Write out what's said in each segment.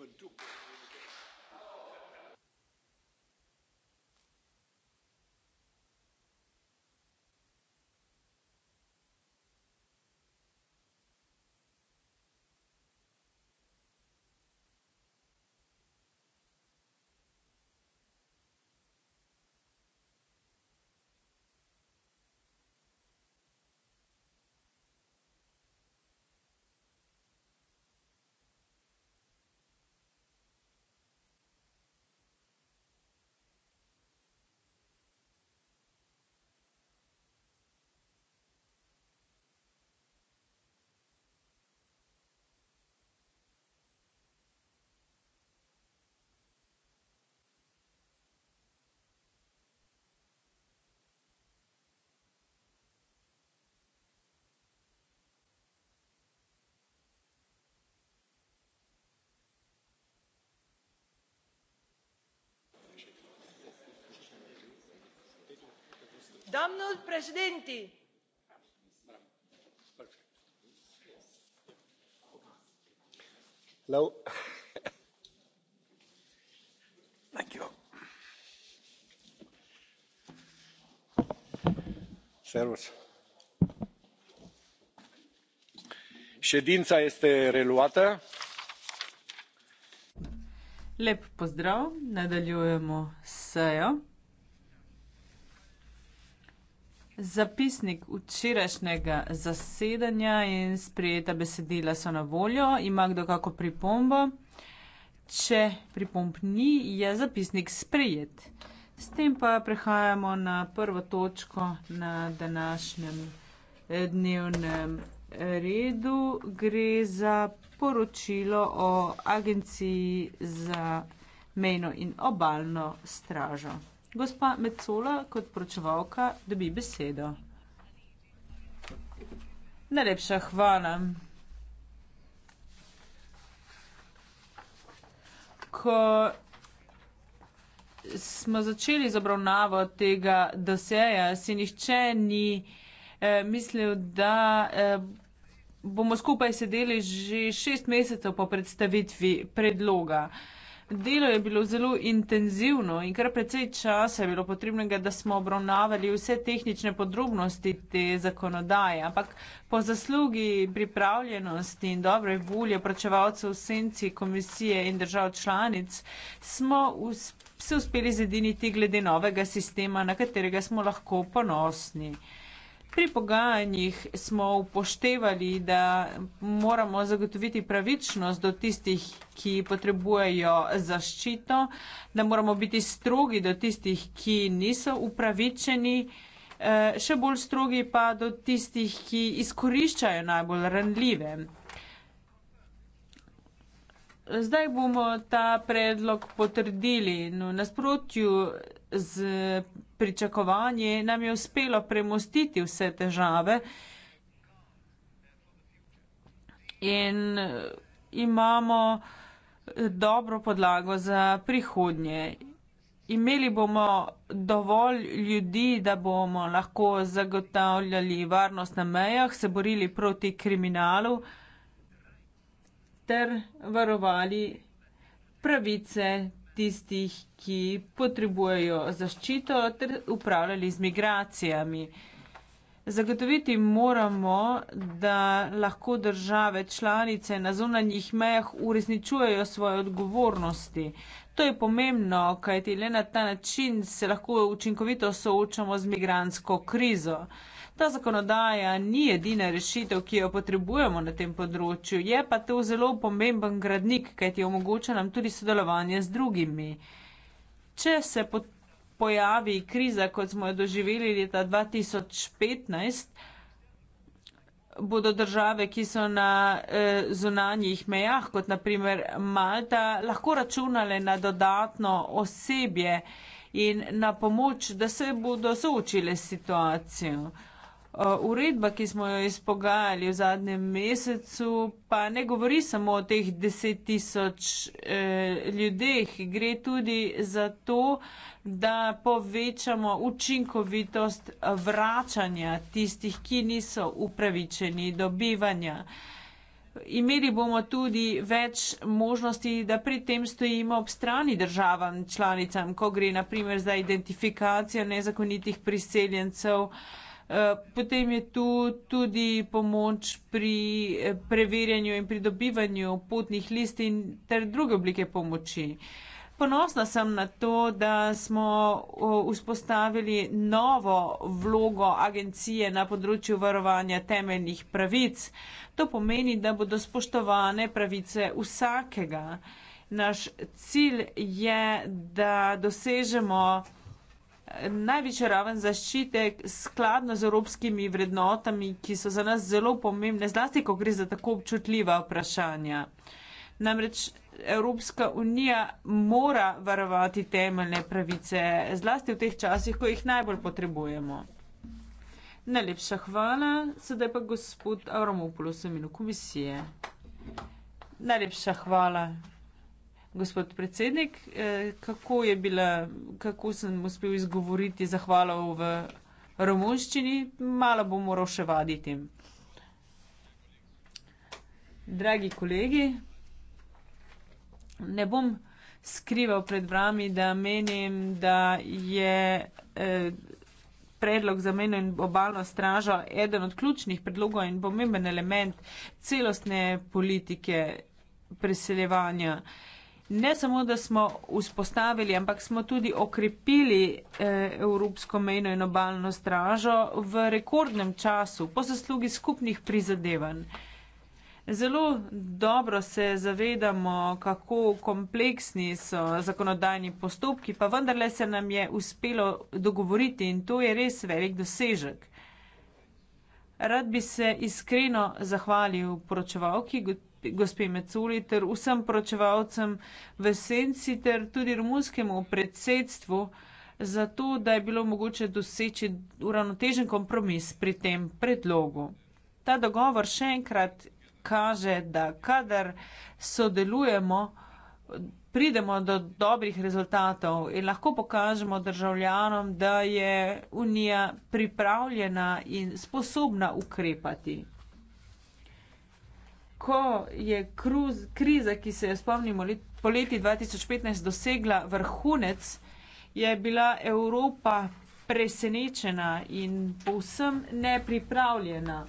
even do. domnul președinte ședința este reluată. lep pozdrav! nadaljujemo s sejo. Zapisnik včerajšnjega zasedanja in sprejeta besedila so na voljo. Ima kdo kako pripombo? Če pripomb ni, je zapisnik sprejet. S tem pa prehajamo na prvo točko na današnjem eh, dnevnem eh, redu. Gre za poročilo o agenciji za mejno in obaljno stražo. Gospa Mecola kot poročevalka dobi besedo. Najlepša hvala. Ko smo začeli z obravnavo tega doseja, si nihče ni eh, mislil, da eh, bomo skupaj sedeli že šest mesecev po predstavitvi predloga. Eh, Delo je bilo zelo intenzivno in kar precej časa je bilo potrebnega, da smo obravnavali vse tehnične podrobnosti te zakonodaje. Ampak po zaslugi pripravljenosti in dobre volje pračevalcev senci komisije in držav članic smo usp se uspeli zediniti glede novega sistema, na katerega smo lahko ponosni. Pri pogajanjih smo upoštevali, da moramo zagotoviti pravičnost do tistih, ki potrebujejo zaščito, da moramo biti strogi do tistih, ki niso upravičeni, eh, še bolj strogi pa do tistih, ki izkoriščajo najbolj ranljive. Zdaj bomo ta predlog potrdili. No, nasprotju z pričakovanje, nam je uspelo premostiti vse težave in eh, imamo eh, dobro podlago za prihodnje. Imeli bomo dovolj ljudi, da bomo lahko zagotavljali varnost na mejah, se borili proti kriminalu ter varovali pravice tistih, ki potrebujejo zaščito ter upravljali z migracijami. Zagotoviti moramo, da lahko države članice na zunanjih mejah uresničujejo svoje odgovornosti. To je pomembno, kajti le na ta način se lahko učinkovito soočamo z migransko krizo. Ta zakonodaja ni edina rešitev, ki jo potrebujemo na tem področju, je pa to zelo pomemben gradnik, ker ti omogoča nam tudi sodelovanje z drugimi. Če se po pojavi kriza, kot smo jo doživeli leta 2015, bodo države, ki so na eh, zunanjih mejah, kot naprimer Malta, lahko računale na dodatno osebje in na pomoč, da se bodo soočile s situacijo. Uredba, ki smo jo izpogajali v zadnjem mesecu, pa ne govori samo o teh deset tisoč eh, ljudeh, gre tudi za to, da povečamo učinkovitost vračanja tistih, ki niso upravičeni do bivanja. Imeli bomo tudi več možnosti, da pri tem stojimo ob strani državam članicam, ko gre naprimer za identifikacijo nezakonitih priseljencev. Eh, potem je tu tudi pomoč pri eh, preverjanju in pridobivanju potnih listin ter druge oblike pomoči. Ponosna sem na to, da smo eh, vzpostavili novo vlogo agencije na področju varovanja temeljnih pravic. To pomeni, da bodo spoštovane pravice vsakega. Naš cilj je, da dosežemo največja raven zaščite skladno z evropskimi vrednotami, ki so za nas zelo pomembne, zlasti, ko gre za tako občutljiva vprašanja. Namreč Evropska unija mora varovati temeljne pravice, zlasti v teh časih, ko jih najbolj potrebujemo. Najlepša hvala, sedaj pa gospod Avramopoulos v imenu komisije. Najlepša hvala gospod predsednik, eh, kako je bila, kako sem uspel izgovoriti zahvalo v romunščini, malo bom moral še vaditi. Dragi kolegi, ne bom skrival pred vami, da menim, da je eh, predlog za meno in obalno stražo eden od ključnih predlogov in pomemben element celostne politike preseljevanja. Ne samo, da smo vzpostavili, ampak smo tudi okrepili eh, Evropsko mejno in obalno stražo v rekordnem času, po zaslugi skupnih prizadevanj. Zelo dobro se zavedamo, kako kompleksni so zakonodajni postopki, pa vendarle se nam je uspelo dogovoriti in to je res velik dosežek. Rad bi se iskreno zahvalil poročevalki, gospe Meculi ter vsem poročevalcem v Senci ter tudi romunskemu predsedstvu za to, da je bilo mogoče doseči uravnotežen kompromis pri tem predlogu. Ta dogovor še enkrat kaže, da kadar sodelujemo, pridemo do dobrih rezultatov in lahko pokažemo državljanom, da je Unija pripravljena in sposobna ukrepati ko je kruz, kriza, ki se je spomnimo let, po leti 2015 dosegla vrhunec, je bila Evropa presenečena in povsem nepripravljena.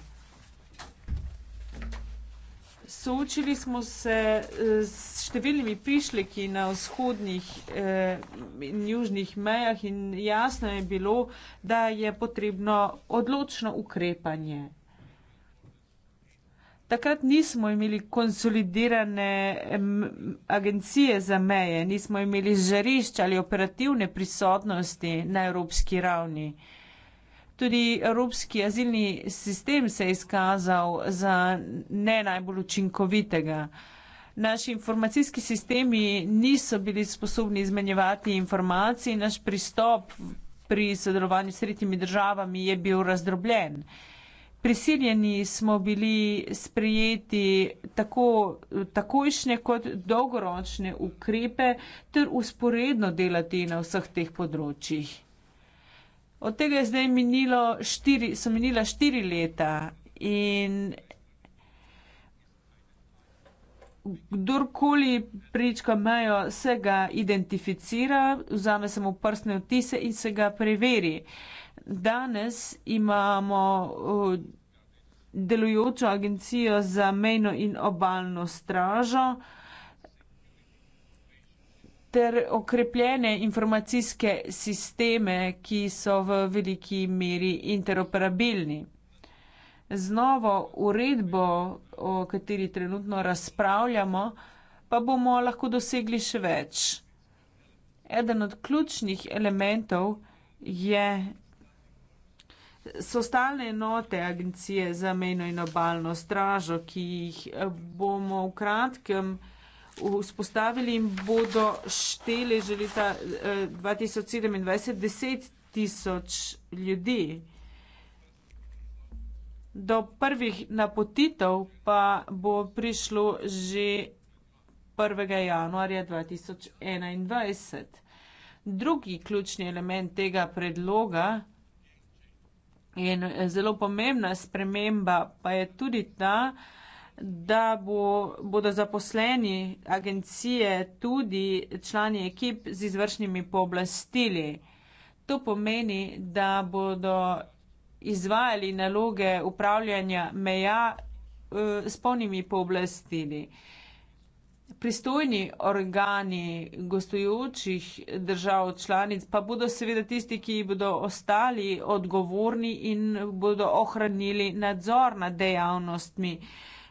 Soočili smo se eh, s številnimi prišleki na vzhodnih eh, in eh, južnih mejah in jasno je bilo, da je potrebno odločno ukrepanje. Takrat nismo imeli konsolidirane agencije za meje, nismo imeli žarišč ali operativne prisotnosti na evropski ravni. Tudi evropski azilni sistem se je izkazal za ne najbolj učinkovitega. Naši informacijski sistemi niso bili sposobni izmenjevati informacij, naš pristop pri sodelovanju s tretjimi državami je bil razdrobljen. Prisiljeni smo bili sprejeti tako takojšnje kot dolgoročne ukrepe ter usporedno delati na vseh teh področjih. Od tega je zdaj minilo štiri, so minila štiri leta in kdorkoli prička mejo, se ga identificira, vzame se mu prstne otise in se ga preveri. Danes imamo delujočo agencijo za mejno in obalno stražo ter okrepljene informacijske sisteme, ki so v veliki meri interoperabilni. Z novo uredbo, o kateri trenutno razpravljamo, pa bomo lahko dosegli še več. Eden od ključnih elementov je So stalne enote agencije za mejno in obaljno stražo, ki jih eh, bomo v kratkem vzpostavili in bodo štele že leta 2027 eh, 10 tisoč ljudi. Do prvih napotitev pa bo prišlo že 1. januarja 2021. Drugi ključni element tega predloga In eh, zelo pomembna sprememba pa je tudi ta, da bo, bodo zaposleni agencije tudi člani ekip z izvršnimi pooblastili. To pomeni, da bodo izvajali naloge upravljanja meja uh, s polnimi pooblastili. Uh, Pristojni organi gostujočih držav članic pa bodo seveda tisti, ki bodo ostali odgovorni in bodo ohranili nadzor nad dejavnostmi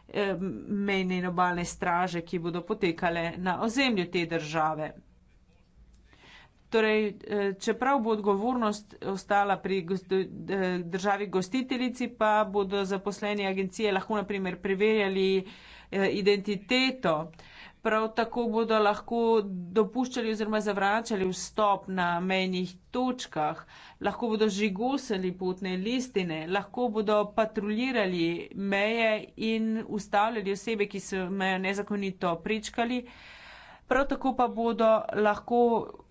eh, mejne in obalne straže, ki bodo potekale na ozemlju te države. Torej, eh, čeprav bo odgovornost ostala pri eh, državi gostiteljici, pa bodo zaposleni agencije lahko naprimer preverjali identiteto Prav tako bodo lahko dopuščali oziroma zavračali vstop na mejnih točkah, lahko bodo žigosali potne listine, lahko bodo patruljirali meje in ustavljali osebe, ki so mejo nezakonito prečkali. Prav tako pa bodo lahko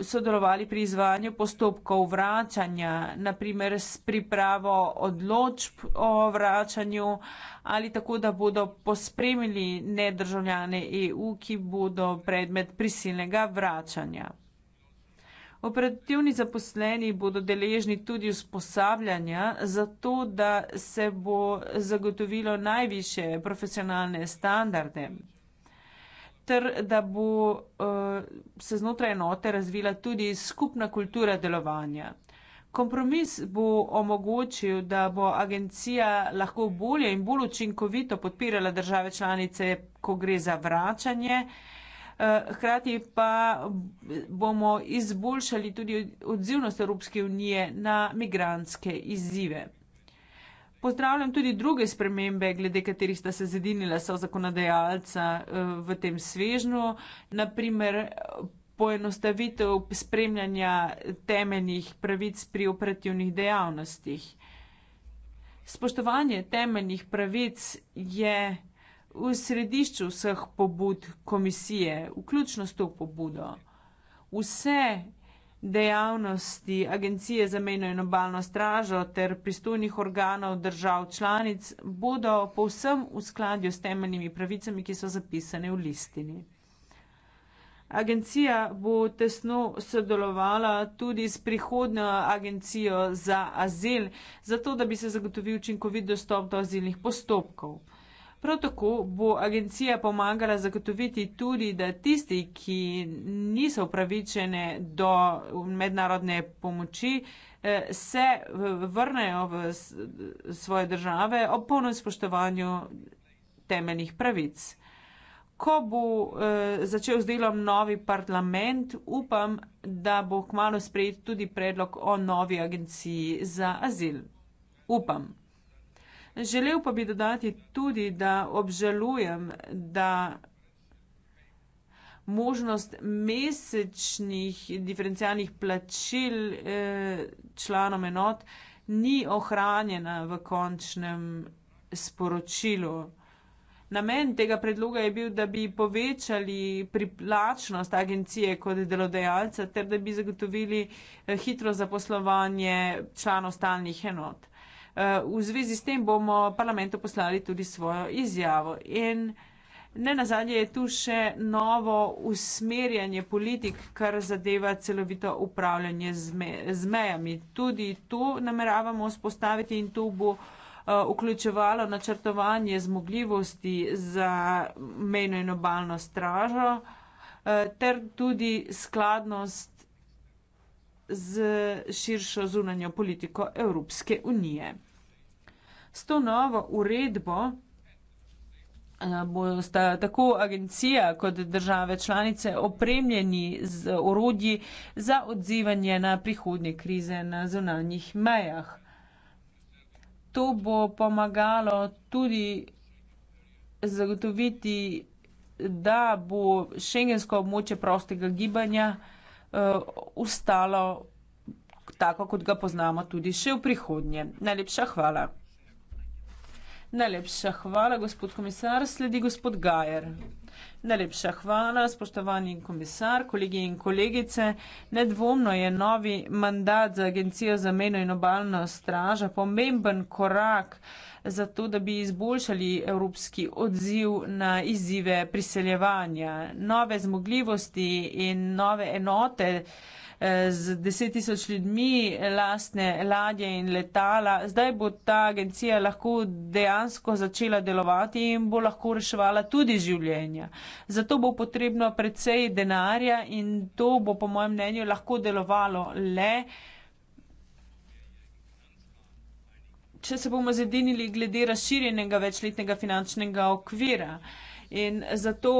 sodelovali pri izvajanju postopkov vračanja, naprimer s pripravo odločb o vračanju ali tako, da bodo pospremili nedržavljane EU, ki bodo predmet prisilnega vračanja. Operativni zaposleni bodo deležni tudi usposabljanja za to, da se bo zagotovilo najviše profesionalne standarde ter da bo uh, se znotraj enote razvila tudi skupna kultura delovanja. Kompromis bo omogočil, da bo agencija lahko bolje in bolj učinkovito podpirala države članice, ko gre za vračanje. Eh, hkrati pa bomo izboljšali tudi odzivnost Evropske unije na migranske izzive. Pozdravljam tudi druge spremembe, glede katerih sta se zedinila so zakonodajalca eh, v tem svežnju. Naprimer, poenostavitev spremljanja temeljnih pravic pri operativnih dejavnostih. Spoštovanje temeljnih pravic je v središču vseh pobud komisije, vključno s to pobudo. Vse dejavnosti Agencije za mejno in obalno stražo ter pristojnih organov držav članic bodo povsem v skladju s temeljnimi pravicami, ki so zapisane v listini. Agencija bo tesno sodelovala tudi s prihodnjo agencijo za azil, zato da bi se zagotovil učinkovit dostop do azilnih postopkov. Prav tako bo agencija pomagala zagotoviti tudi, da tisti, ki niso upravičene do mednarodne pomoči, eh, se vrnejo v svoje države ob polnem spoštovanju temeljnih pravic. Ko bo eh, začel z delom novi parlament, upam, da bo kmalo sprejet tudi predlog o novi agenciji za azil. Upam. Želel pa bi dodati tudi, da obžalujem, da možnost mesečnih diferencialnih plačil eh, članom enot ni ohranjena v končnem sporočilu. Namen tega predloga je bil, da bi povečali priplačnost agencije kot delodajalca ter da bi zagotovili eh, hitro zaposlovanje članov stalnih enot. Eh, v zvezi s tem bomo parlamentu poslali tudi svojo izjavo. In ne nazadnje je tu še novo usmerjanje politik, kar zadeva celovito upravljanje z mejami. Tudi tu nameravamo spostaviti in tu bo eh, vključevalo načrtovanje zmogljivosti za mejno in obalno stražo eh, ter tudi skladnost z širšo zunanjo politiko Evropske unije. S to novo uredbo eh, bo sta tako agencija kot države članice opremljeni z orodji za odzivanje na prihodnje krize na zunanjih mejah. To bo pomagalo tudi zagotoviti, da bo šengensko območje prostega gibanja uh, eh, ustalo tako, kot ga poznamo tudi še v prihodnje. Najlepša hvala. Najlepša hvala, gospod komisar. Sledi gospod Gajer. Najlepša hvala, spoštovani komisar, kolegi in kolegice. Nedvomno je novi mandat za Agencijo za meno in obalno stražo pomemben korak za to, da bi izboljšali evropski odziv na izzive priseljevanja. Nove zmogljivosti in nove enote z deset tisoč ljudmi, lastne ladje in letala. Zdaj bo ta agencija lahko dejansko začela delovati in bo lahko reševala tudi življenja. Zato bo potrebno precej denarja in to bo, po mojem mnenju, lahko delovalo le. Če se bomo zedinili glede razširjenega večletnega finančnega okvira in zato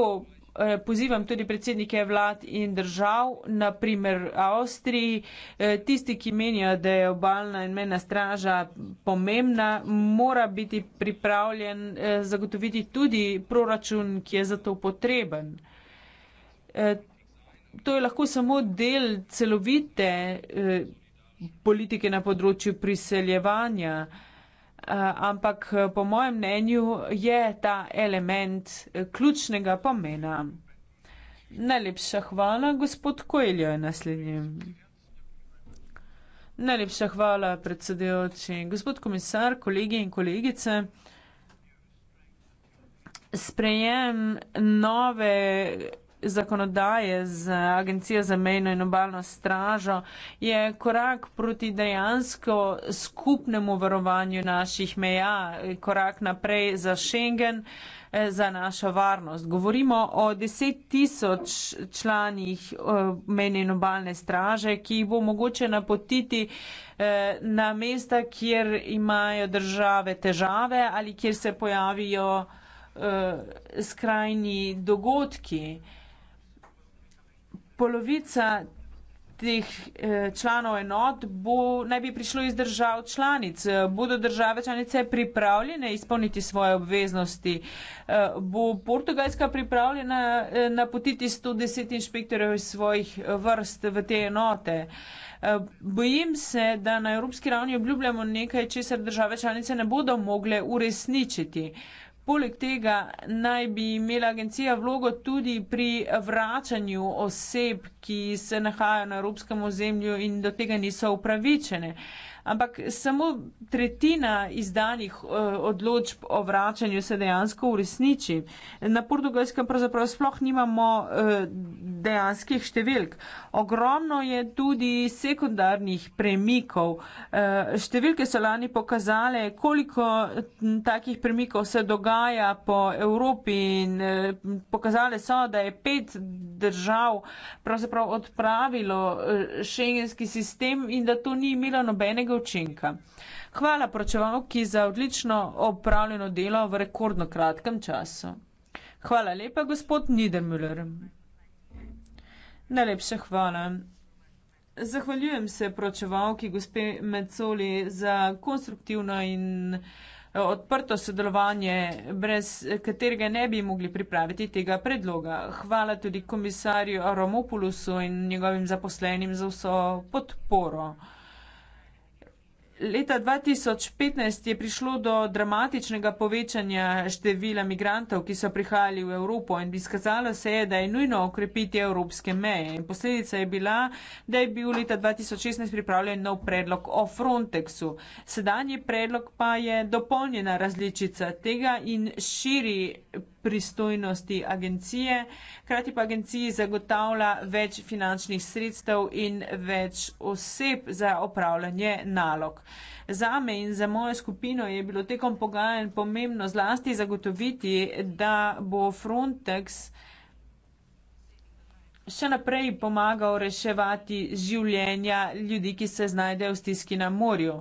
Eh, pozivam tudi predsednike vlad in držav, naprimer Avstriji, eh, tisti, ki menijo, da je obalna in mena straža pomembna, mora biti pripravljen eh, zagotoviti tudi proračun, ki je za to potreben. To je lahko samo del celovite politike na področju priseljevanja. Eh, ampak eh, po mojem mnenju je ta element eh, ključnega pomena. Najlepša hvala, gospod Koeljo je naslednji. Najlepša hvala, predsedujoči. Gospod komisar, kolegi in kolegice, sprejem nove zakonodaje z Agencijo za mejno in obalno stražo je korak proti dejansko skupnemu varovanju naših meja, korak naprej za Schengen, eh, za našo varnost. Govorimo o deset tisoč članih eh, mejne in obalne straže, ki jih bo mogoče napotiti eh, na mesta, kjer imajo države težave ali kjer se pojavijo skrajni dogodki polovica teh eh, članov enot bo, naj bi prišlo iz držav članic. Bodo države članice pripravljene izpolniti svoje obveznosti? Eh, bo Portugalska pripravljena eh, napotiti 110 inšpektorjev iz svojih vrst v te enote? Bojim se, da na evropski ravni obljubljamo nekaj, česar države članice ne bodo mogle uresničiti. Poleg tega naj bi imela agencija vlogo tudi pri vračanju oseb, ki se nahajajo na evropskem ozemlju in do tega niso upravičene ampak samo tretjina izdanih eh, odločb o vračanju se dejansko uresniči. Na portugalskem pravzaprav sploh nimamo eh, dejanskih številk. Ogromno je tudi sekundarnih premikov. Eh, številke so lani pokazale, koliko takih premikov se dogaja po Evropi in pokazale so, da je 5 držav pravzaprav odpravilo eh, šengenski sistem in da to ni imelo nobenega učinka. Hvala pročevalki za odlično opravljeno delo v rekordno kratkem času. Hvala lepa, gospod Niedermüller. Najlepša hvala. Zahvaljujem se pročevalki gospe Mecoli za konstruktivno in uh, odprto sodelovanje, brez katerega ne bi mogli pripraviti tega predloga. Hvala tudi komisarju Aromopulusu in njegovim zaposlenim za vso podporo. Leta 2015 je prišlo do dramatičnega povečanja števila migrantov, ki so prihajali v Evropo in izkazalo se je, da je nujno okrepiti evropske meje. In posledica je bila, da je bil leta 2016 pripravljen nov predlog o Frontexu. Sedanji predlog pa je dopolnjena različica tega in širi pristojnosti agencije, krati pa agenciji zagotavlja več finančnih sredstev in več oseb za opravljanje nalog. Za me in za mojo skupino je bilo tekom pogajanj pomembno zlasti zagotoviti, da bo Frontex še naprej pomagal reševati življenja ljudi, ki se znajdejo v stiski na morju.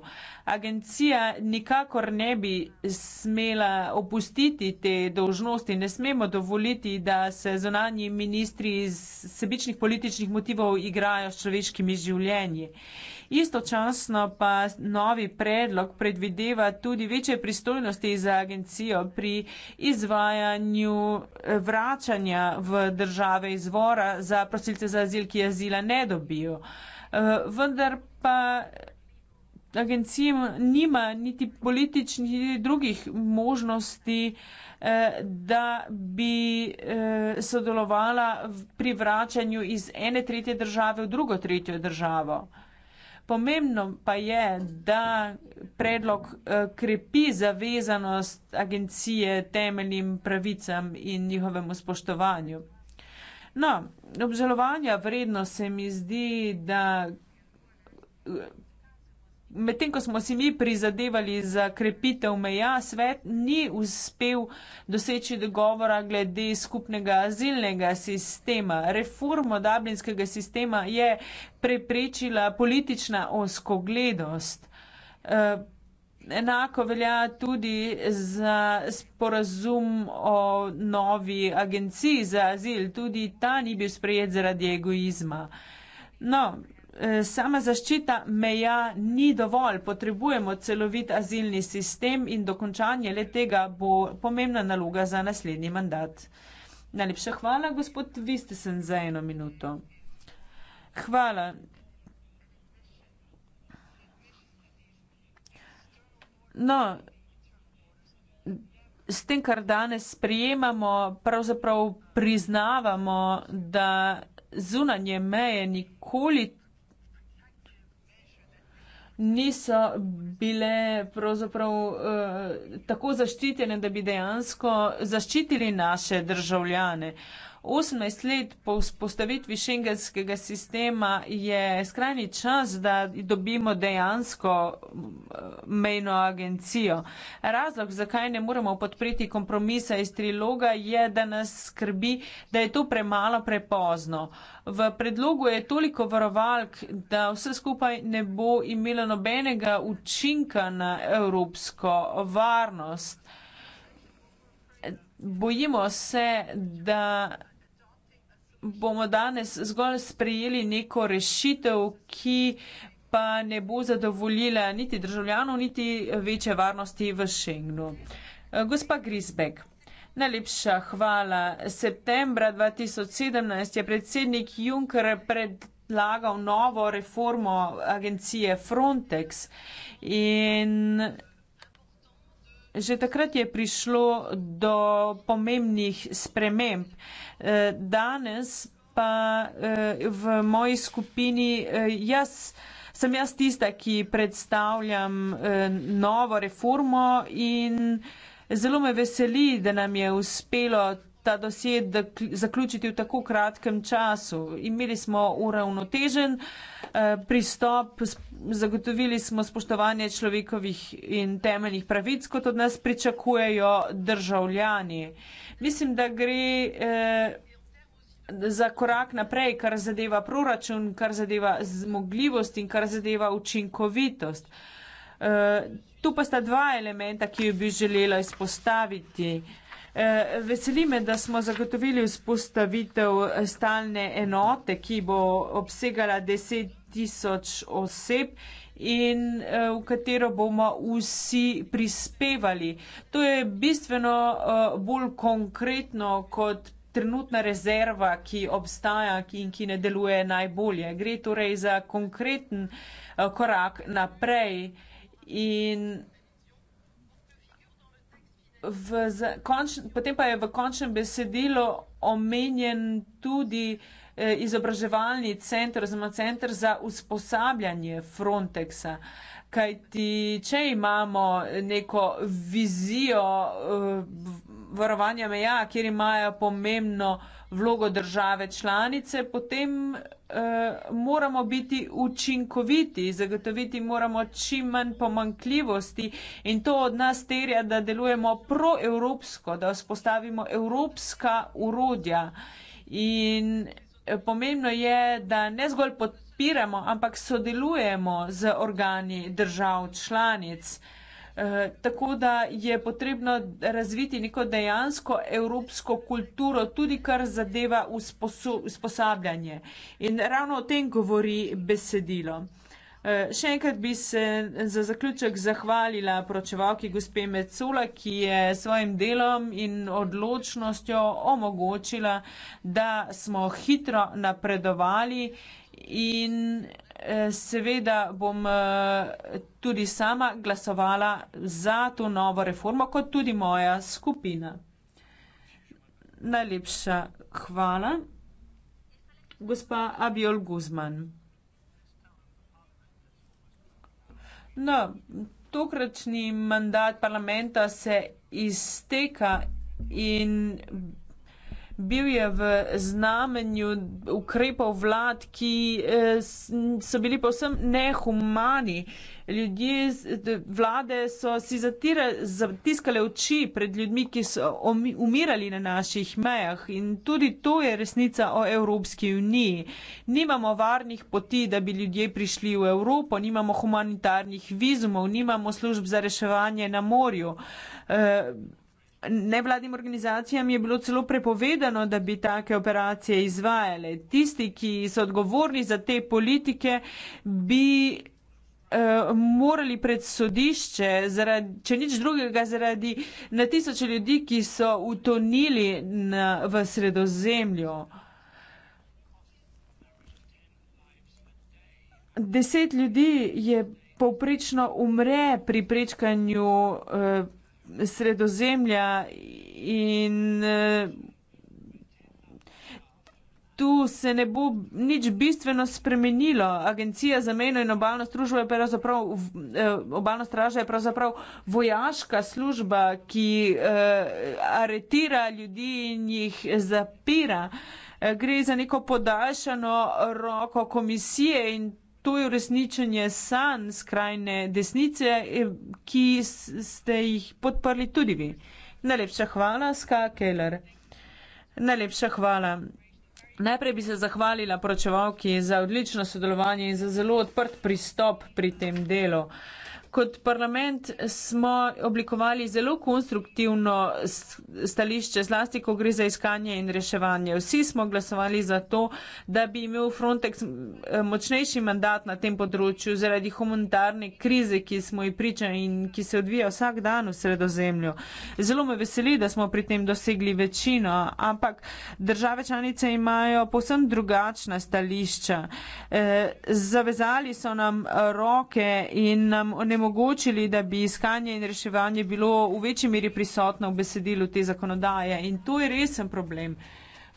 Agencija nikakor ne bi smela opustiti te dožnosti. Ne smemo dovoliti, da se zonanji ministri iz sebičnih političnih motivov igrajo s človeškimi življenji. Istočasno pa novi predlog predvideva tudi večje pristojnosti za agencijo pri izvajanju eh, vračanja v države izvora za prosilce za azil, ki azila ne dobijo. Eh, vendar pa agencija nima niti političnih, niti drugih možnosti, eh, da bi sodelovala pri vračanju iz ene tretje države v drugo tretjo državo. Pomembno pa je, da predlog eh, krepi zavezanost agencije temeljnim pravicam in njihovemu spoštovanju. No, obžalovanja vredno se mi zdi, da Medtem ko smo si mi prizadevali za krepitev meja, svet ni uspel doseči dogovora glede skupnega azilnega sistema. Reformo dablinskega sistema je preprečila politična oskogledost. Eh, enako velja tudi za sporazum o novi agenciji za azil. Tudi ta ni bil sprejet zaradi egoizma. No, Eh, sama zaščita meja ni dovolj, potrebujemo celovit azilni sistem in dokončanje le tega bo pomembna naloga za naslednji mandat. Najlepša hvala, gospod Vistesen, za eno minuto. Hvala. No, s tem, kar danes sprijemamo, pravzaprav priznavamo, da zunanje meje nikoli niso bile pravzaprav uh, tako zaščitene, da bi dejansko zaščitili naše državljane. Uh, 18 let po vzpostavitvi šengenskega sistema je skrajni čas, da dobimo dejansko mejno agencijo. Razlog, zakaj ne moremo podpreti kompromisa iz triloga, je, da nas skrbi, da je to premalo prepozno. V predlogu je toliko varovalk, da vse skupaj ne bo imelo nobenega učinka na evropsko varnost. Bojimo se, da bomo danes zgolj sprejeli neko rešitev, ki pa ne bo zadovoljila niti državljanov, niti večje varnosti v Schengnu. Eh, gospa Grisbek. Najlepša hvala. Septembra 2017 je predsednik Juncker predlagal novo reformo agencije Frontex in že takrat je prišlo do pomembnih sprememb. Uh, Eh, danes pa eh, v moji skupini eh, jaz, sem jaz tista, ki predstavljam novo reformo in zelo me veseli, da nam je uspelo ta dosje zaključiti v tako kratkem času. Imeli smo uravnotežen eh, pristop, zagotovili smo spoštovanje človekovih in temeljnih pravic, kot od nas pričakujejo državljani. Mislim, da gre eh, za korak naprej, kar zadeva proračun, kar zadeva zmogljivost in kar zadeva učinkovitost. Eh, tu pa sta dva elementa, ki jo bi želela izpostaviti. Eh, Eh, veseli me, da smo zagotovili vzpostavitev stalne enote, ki bo obsegala 10 tisoč oseb in eh, v katero bomo vsi prispevali. To je bistveno eh, bolj konkretno kot trenutna rezerva, ki obstaja in ki ne deluje najbolje. Gre torej za konkreten korak naprej in V, z, konč, potem pa je v končnem besedilu omenjen tudi eh, izobraževalni center oziroma center za usposabljanje Frontexa. Kaj ti, če imamo neko vizijo eh, varovanja meja, kjer imajo pomembno eh, vlogo države članice, potem eh, moramo biti učinkoviti, zagotoviti moramo čim manj pomankljivosti in to od nas terja, da delujemo proevropsko, da vzpostavimo evropska urodja. In eh, pomembno je, da ne zgolj podpiramo, ampak sodelujemo z organi držav članic. Eh, tako da je potrebno razviti neko dejansko evropsko kulturo, tudi kar zadeva usposabljanje. In ravno o tem govori besedilo. Eh, še enkrat bi se za zaključek zahvalila pročevalki gospe Mecula, ki je svojim delom in odločnostjo omogočila, da smo hitro napredovali in seveda bom eh, tudi sama glasovala za to novo reformo, kot tudi moja skupina. Najlepša hvala. Gospa Abijol Guzman. No, tokratni mandat parlamenta se izteka in bil je v znamenju ukrepov vlad, ki eh, so bili povsem nehumani. Ljudje, vlade so si zatire, zatiskale oči pred ljudmi, ki so umirali na naših mejah. In tudi to je resnica o Evropski uniji. Nimamo varnih poti, da bi ljudje prišli v Evropo, nimamo humanitarnih vizumov, nimamo služb za reševanje na morju. Eh, Nevladnim organizacijam je bilo celo prepovedano, da bi take operacije izvajale. Tisti, ki so odgovorni za te politike, bi eh, morali pred sodišče, zaradi, če nič drugega, zaradi na tisoče ljudi, ki so utonili na, v sredozemlju. Deset ljudi je povprečno umre pri prečkanju eh, sredozemlja in eh, Tu se ne bo nič bistveno spremenilo. Agencija za mejno in obalno službo je pravzaprav, eh, obalna straža je pravzaprav vojaška služba, ki eh, aretira ljudi in jih zapira. Eh, gre za neko podaljšano roko komisije in to je uresničenje sanj skrajne desnice, eh, ki ste jih podprli tudi vi. Najlepša hvala, Ska Keller. Najlepša hvala. Najprej bi se zahvalila pročevalki za odlično sodelovanje in za zelo odprt pristop pri tem delu. Uh, kot parlament smo oblikovali zelo konstruktivno stališče, zlasti, ko gre za iskanje in reševanje. Vsi smo glasovali za to, da bi imel Frontex močnejši mandat na tem področju zaradi humanitarne krize, ki smo ji priča in ki se odvija vsak dan v sredozemlju. Zelo me veseli, da smo pri tem dosegli večino, ampak države članice imajo posem drugačna stališča. Eh, zavezali so nam roke in nam onemogočili, onemogočili, da bi iskanje in reševanje bilo v večji meri prisotno v besedilu te zakonodaje. In to je resen problem.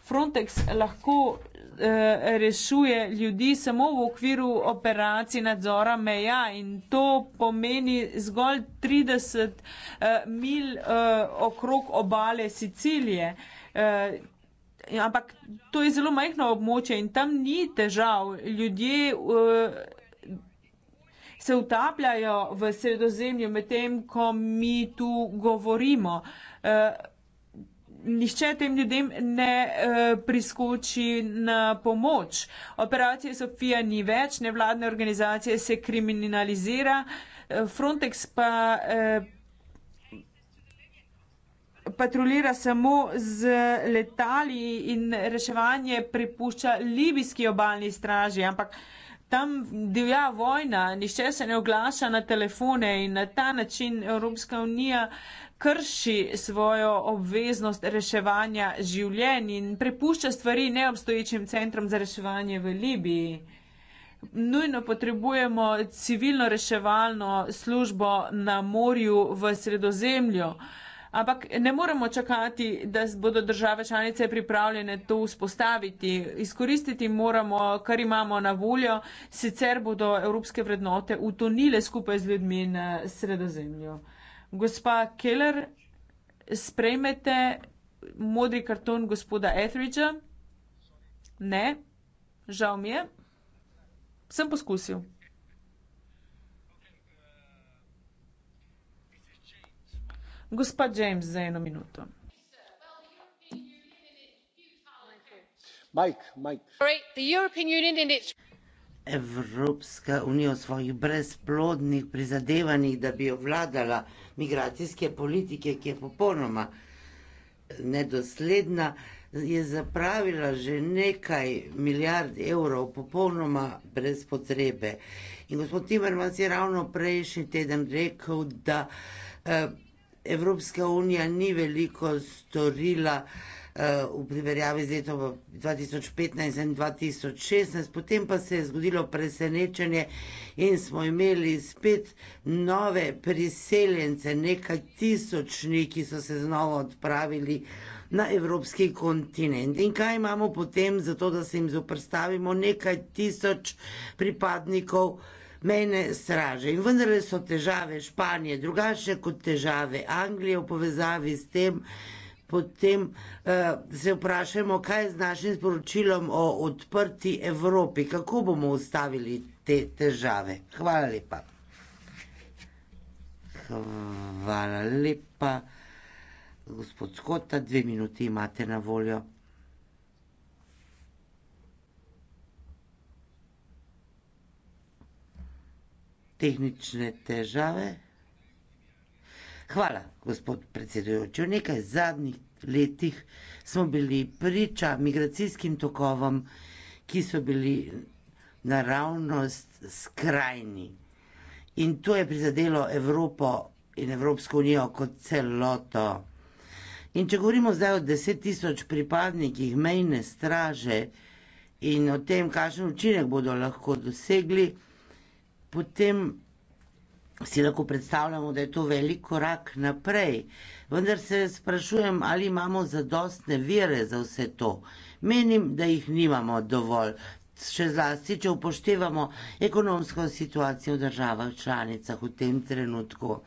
Frontex lahko eh, rešuje ljudi samo v okviru operacij nadzora meja in to pomeni zgolj 30 eh, mil eh, okrog obale Sicilije. Eh, ampak to je zelo majhno območje in tam ni težav. Ljudje. Eh, se utapljajo v sredozemlju, medtem ko mi tu govorimo. Eh, nihče tem ljudem ne e, priskoči na pomoč. Operacije Sofija ni več, nevladne organizacije se kriminalizira, eh, Frontex pa e, patrulira samo z letali in reševanje pripušča libijski obaljni straži, ampak e, tam divja vojna, nišče se ne oglaša na telefone in na ta način Evropska unija krši svojo obveznost reševanja življenj in prepušča stvari neobstoječim centrom za reševanje v Libiji. Nujno potrebujemo civilno reševalno službo na morju v sredozemlju. Ampak ne moremo čakati, da bodo države članice pripravljene to vzpostaviti. Izkoristiti moramo, kar imamo na voljo, sicer bodo evropske vrednote utonile skupaj z ljudmi na sredozemlju. Gospa Keller, sprejmete modri karton gospoda Etheridgea? Ne, žal mi je. Sem poskusil. Gospa James, za eno minuto. Evropska unija v svojih brezplodnih prizadevanjih, da bi obvladala migracijske politike, ki je popolnoma nedosledna, je zapravila že nekaj milijard evrov popolnoma brez potrebe. In gospod Timmermans je ravno prejšnji teden rekel, da eh, Evropska unija ni veliko storila uh, v primerjavi z letom 2015 in 2016, potem pa se je zgodilo presenečenje in smo imeli spet nove priseljence, nekaj tisočni, ki so se znova odpravili na evropski kontinent. In kaj imamo potem za to, da se jim zoprstavimo nekaj tisoč pripadnikov? mene straže. In vendarle so težave Španije drugačne kot težave Anglije v povezavi s tem. Potem uh, se vprašajmo, kaj je z našim sporočilom o odprti Evropi, kako bomo ustavili te težave. Hvala lepa. Hvala lepa. Gospod Skota, dve minuti imate na voljo. tehnične težave. Hvala, gospod predsedujoč. V nekaj zadnjih letih smo bili priča migracijskim tokovom, ki so bili naravnost skrajni. In to je prizadelo Evropo in Evropsko unijo kot celoto. In če govorimo zdaj o deset tisoč pripadnikih mejne straže in o tem, kakšen učinek bodo lahko dosegli, potem si lahko predstavljamo, da je to velik korak naprej. Vendar se sprašujem, ali imamo zadostne vire za vse to. Menim, da jih nimamo dovolj. Še zlasti, če upoštevamo ekonomsko situacijo v državah članicah v tem trenutku.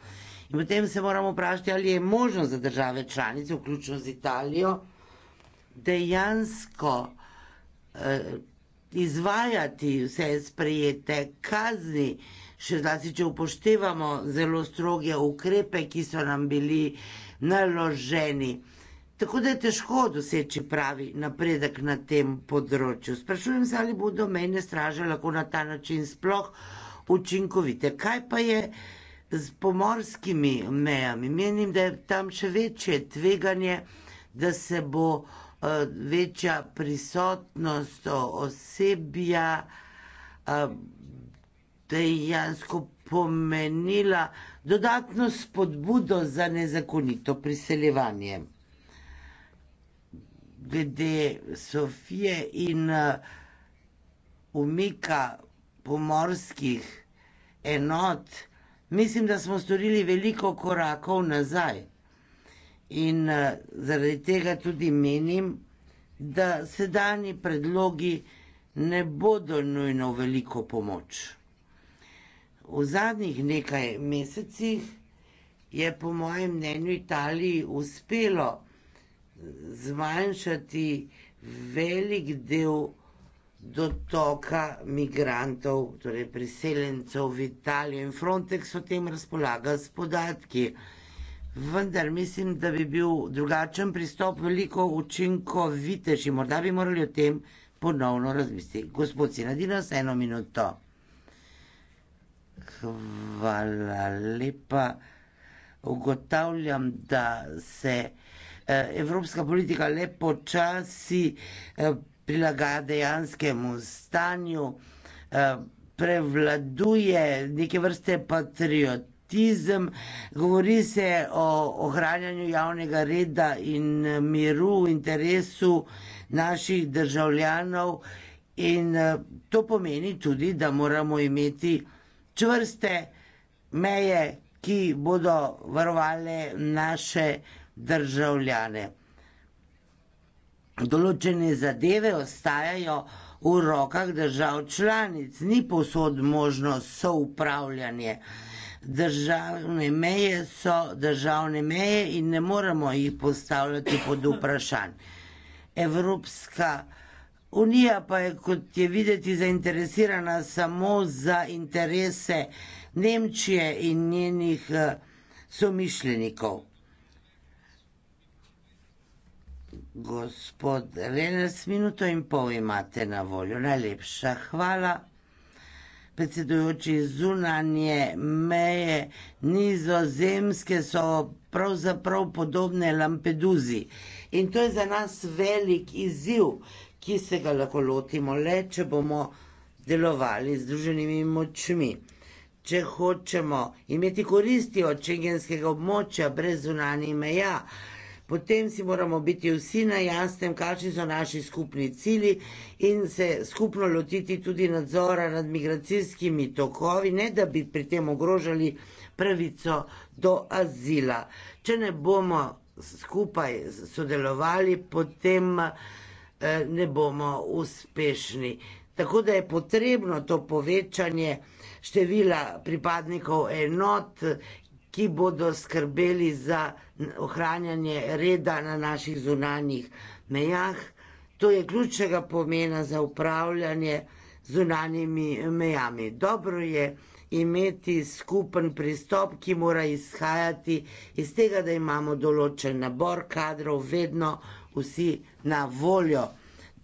In potem se moramo vprašati, ali je možno za države članice, vključno z Italijo, dejansko eh, izvajati vse sprejete kazni, še zlasti, če upoštevamo zelo stroge ukrepe, ki so nam bili naloženi. Tako da je težko doseči pravi napredek na tem področju. Sprašujem se, ali bodo mejne straže lahko na ta način sploh učinkovite. Kaj pa je z pomorskimi mejami? Menim, da je tam še večje tveganje, da se bo Eh, večja prisotnost osebja eh, dejansko pomenila dodatno spodbudo za nezakonito priseljevanje. Glede Sofije in eh, umika pomorskih enot, mislim, da smo storili veliko korakov nazaj. In uh, zaradi tega tudi menim, da sedajni predlogi ne bodo nujno veliko pomoč. V zadnjih nekaj mesecih je, po mojem mnenju, Italiji uspelo zmanjšati velik del dotoka migrantov, torej priseljencev v Italijo, in Frontex o tem razpolaga s podatki. Vendar mislim, da bi bil drugačen pristop veliko učinkovitejši. Morda bi morali o tem ponovno razmisliti. Gospod Sinadina, vse eno minuto. Hvala lepa. Ugotavljam, da se eh, evropska politika le počasi eh, prilagaja dejanskemu stanju, eh, prevladuje neke vrste patriot. Tizem, govori se o ohranjanju javnega reda in eh, miru v interesu naših državljanov, in eh, to pomeni tudi, da moramo imeti čvrste meje, ki bodo varovale naše državljane. Določene zadeve ostajajo v rokah držav članic, ni posod možno soupravljanje. Državne meje so državne meje in ne moremo jih postavljati pod vprašanje. Evropska unija pa je, kot je videti, zainteresirana samo za interese Nemčije in njenih eh, somišljenikov. Gospod Renes, minuto in pol imate na voljo. Najlepša hvala predsedujoči zunanje meje nizozemske so pravzaprav podobne Lampeduzi. In to je za nas velik izziv, ki se ga lahko lotimo le, če bomo delovali z druženimi močmi. Če hočemo imeti koristi od čengenskega območja brez zunanje meja, potem si moramo biti vsi na jasnem, kakšni so naši skupni cili in se skupno lotiti tudi nadzora nad migracijskimi tokovi, ne da bi pri tem ogrožali pravico do azila. Če ne bomo skupaj sodelovali, potem eh, ne bomo uspešni. Tako da je potrebno to povečanje števila pripadnikov enot, ki bodo skrbeli za ohranjanje reda na naših zunanjih mejah. To je ključnega pomena za upravljanje zunanjimi mejami. Dobro je imeti skupen pristop, ki mora izhajati iz tega, da imamo določen nabor kadrov vedno vsi na voljo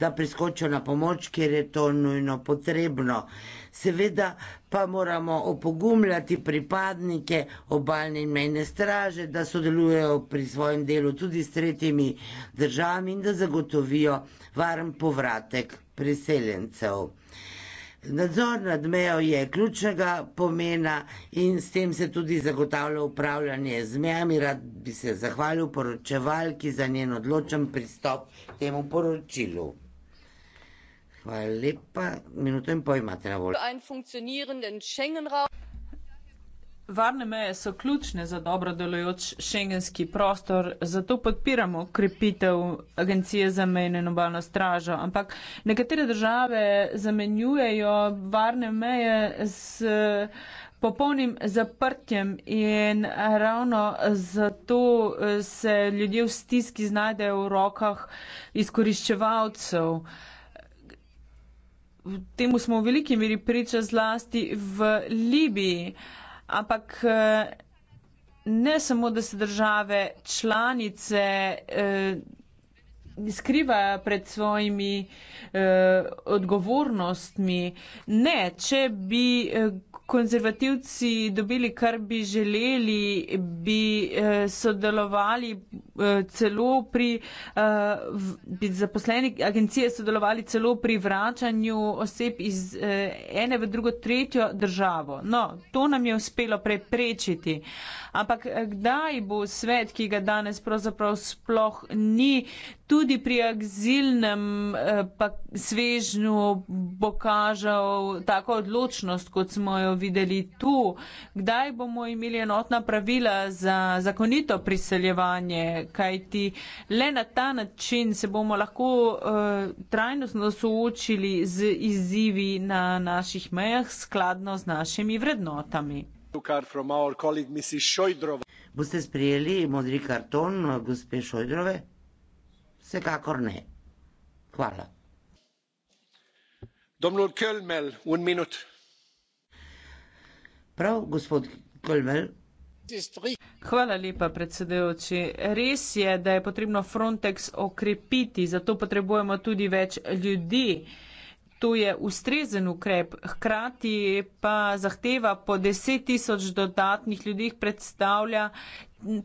da priskočijo na pomoč, kjer je to nujno potrebno. Seveda pa moramo opogumljati pripadnike obaljne in mejne straže, da sodelujejo pri svojem delu tudi s tretjimi državami in da zagotovijo varen povratek priseljencev. Nadzor nad mejo je ključnega pomena in s tem se tudi zagotavlja upravljanje z mejami. Rad bi se zahvalil poročevalki za njen odločen pristop k temu poročilu. Varne meje so ključne za dobro delujoč schengenski prostor, zato podpiramo krepitev Agencije za mejno in obalno stražo, ampak nekatere države zamenjujejo varne meje s popolnim zaprtjem in ravno zato eh, se ljudje v stiski znajdejo v rokah izkoriščevalcev temu smo v veliki meri priča zlasti v Libiji. Ampak eh, ne samo, da se države članice. Eh, skriva pred svojimi eh, odgovornostmi. Ne, če bi eh, konzervativci dobili, kar bi želeli, bi eh, sodelovali eh, celo pri, eh, bi zaposleni agencije sodelovali celo pri vračanju oseb iz eh, ene v drugo, tretjo državo. No, to nam je uspelo preprečiti. Ampak eh, kdaj bo svet, ki ga danes pravzaprav sploh ni, tudi pri agzilnem eh, svežnju pokažal tako odločnost, kot smo jo videli tu. Kdaj bomo imeli enotna pravila za zakonito priseljevanje, kajti le na ta način se bomo lahko eh, trajnostno soočili z izzivi na naših mejah skladno z našimi vrednotami. Boste sprejeli modri karton gospe Šojdrove? vsekakor ne. hvala. prav gospod kölmel. hvala lepa predsedujoči. res je da je potrebno frontex okrepiti zato potrebujemo tudi več ljudi. to je ustrezen ukrep hkrati pa zahteva po deset tisoč dodatnih ljudeh predstavlja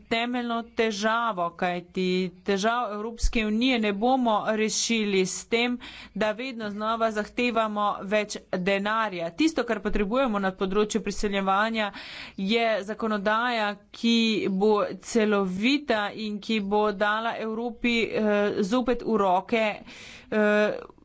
temeljno težavo, kajti težav Evropske unije ne bomo rešili s tem, da vedno znova zahtevamo več denarja. Tisto, kar potrebujemo na področju priseljevanja, je zakonodaja, ki bo celovita in ki bo dala Evropi eh, zopet v roke. Eh,